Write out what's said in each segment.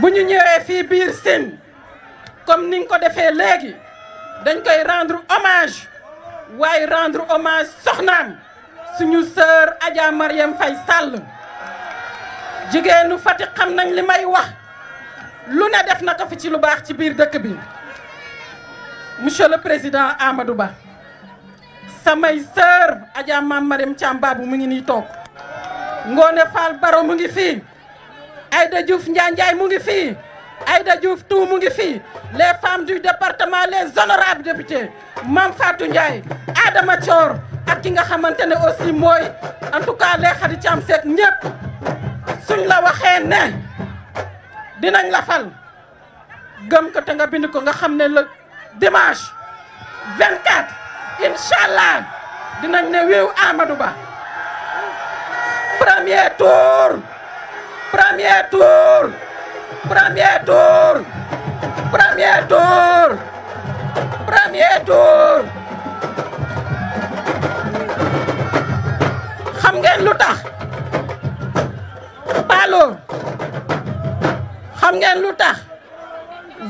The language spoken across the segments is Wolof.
bu ñu ñëwee fii biir Sine comme ni ko defee léegi dañ koy rendre hommage waaye rendre hommage soxnaam suñu sœur Adja Mariam Faye Sall jigéenu Fatick xam nañ li may wax lu ne def na ko fi ci lu baax ci biir dëkk bi monsieur le président Amadou Ba samay sœur Adja Mame Mariam Thiam Babou mu ngi nii toog Ngoone Fall Baro mu ngi fii Aïda Diouf Ndiandiaye mu ngi fii Aïda Diouf tout mu ngi fii les femmes du département les honorables députés Mame Fatou Ndiaye Adama Thior ak ki nga xamante ne aussi mooy en tout cas les Khady Thiam Seck ñëpp suñ la waxee ne dinañ la gëm ko nga bind ko nga xam ne le dimanche 24 incha allah dinañ ne wéew Amadou Ba premier tour. premier tour premier tour premier tour premier tour xam ngeen lu tax Palo xam ngeen lu tax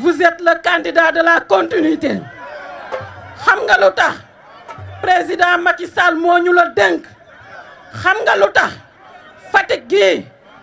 vous êtes le candidat la continuité xam nga lu tax président Macky sal moo ñu la dénk xam nga lu tax Fatick gii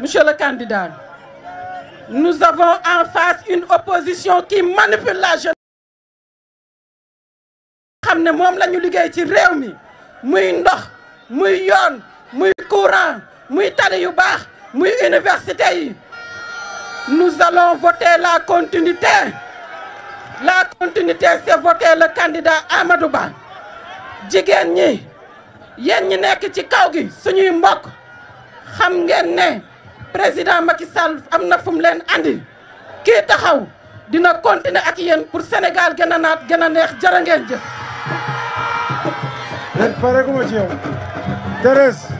Monsieur le candidat, nous avons en face une opposition qui manipule la jeunesse. Nous ne une la qui manipule ci réew Nous muy ndox muy yoon muy courant muy nous allons voter la continuité la continuité c'est voter le candidat Amadou Ba jigéen ñi yéen ñi nekk ci kaw gi suñuy mbokk xam ngeen président Macky Sall am na fu mu leen andi kii taxaw dina continuer ak yéen pour Sénégal gën a naat gën a neex jërë ngeen jëf. rek pareeguma ci yow